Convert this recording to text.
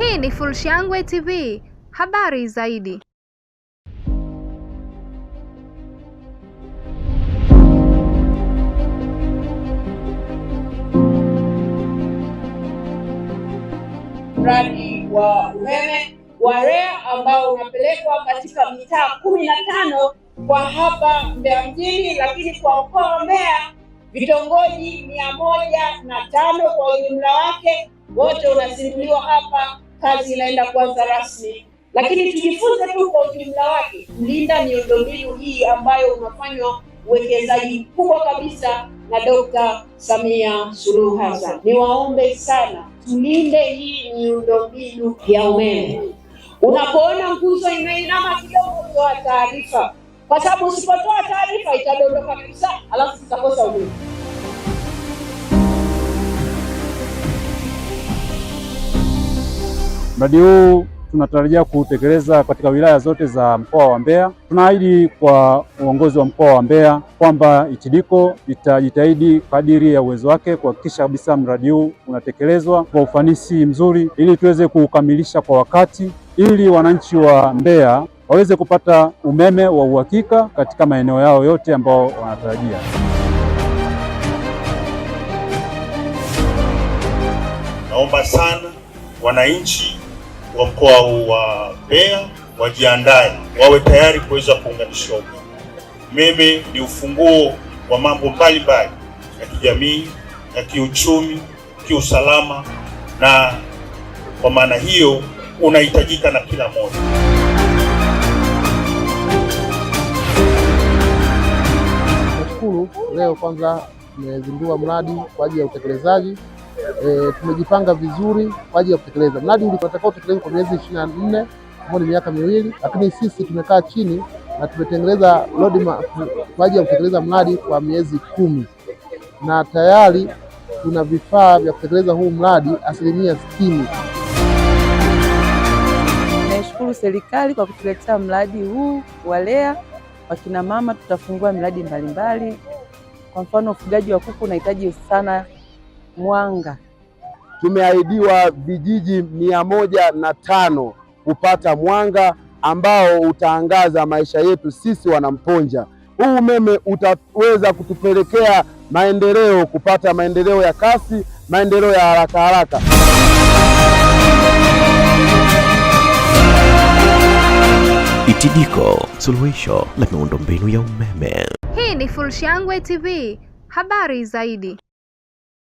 Hii ni Fullshangwe TV, habari zaidi. Mradi wa umeme wa REA ambao unapelekwa katika mitaa kumi na tano kwa hapa Mbeya mjini, lakini kwa mkoa wa Mbeya vitongoji mia moja na tano kwa ujumla wake wote unasimuliwa hapa kazi inaenda kuanza rasmi, lakini tujifunze tu kwa ujumla wake, mlinda miundombinu hii ambayo unafanywa uwekezaji mkubwa kabisa na Dkt. Samia Suluhu Hassan. Niwaombe sana tulinde hii miundombinu ya umeme. Unapoona nguzo imeinama kidogo, toa taarifa, kwa sababu usipotoa taarifa itadondoka kabisa, alafu tutakosa umeme. Mradi huu tunatarajia kutekeleza katika wilaya zote za mkoa wa Mbeya. Tunaahidi kwa uongozi wa mkoa wa Mbeya kwamba ETDCO itajitahidi kadiri ya uwezo wake kuhakikisha kabisa mradi huu unatekelezwa kwa ufanisi mzuri ili tuweze kuukamilisha kwa wakati ili wananchi wa Mbeya waweze kupata umeme wa uhakika katika maeneo yao yote ambao wanatarajia. Naomba sana wananchi wa mkoa huu wa Mbeya wajiandae, wawe tayari kuweza kuunganishwa umeme. Umeme ni ufunguo wa mambo mbalimbali ya kijamii, ya kiuchumi, kiusalama, na kwa maana hiyo unahitajika na kila mmoja. Leo kwanza tumezindua mradi kwa ajili ya utekelezaji e, tumejipanga vizuri kwa ajili ya kutekeleza mradi. Ulitakao utekelezwa kwa miezi ishirini na nne ambao ni miaka miwili, lakini sisi tumekaa chini na tumetengeneza roadmap kwa ajili ya kutekeleza mradi kwa miezi kumi na tayari tuna vifaa vya kutekeleza huu mradi asilimia sitini. Naishukuru serikali kwa kutuletea mradi huu wa LEA. Wakina mama tutafungua miradi mbalimbali, kwa mfano ufugaji wa kuku unahitaji sana Mwanga. Tumeahidiwa vijiji mia moja na tano kupata mwanga ambao utaangaza maisha yetu sisi Wanamponja. Huu umeme utaweza kutupelekea maendeleo, kupata maendeleo ya kasi, maendeleo ya haraka haraka. Itidiko, suluhisho la miundombinu ya umeme. Hii ni Fullshangwe TV, habari zaidi.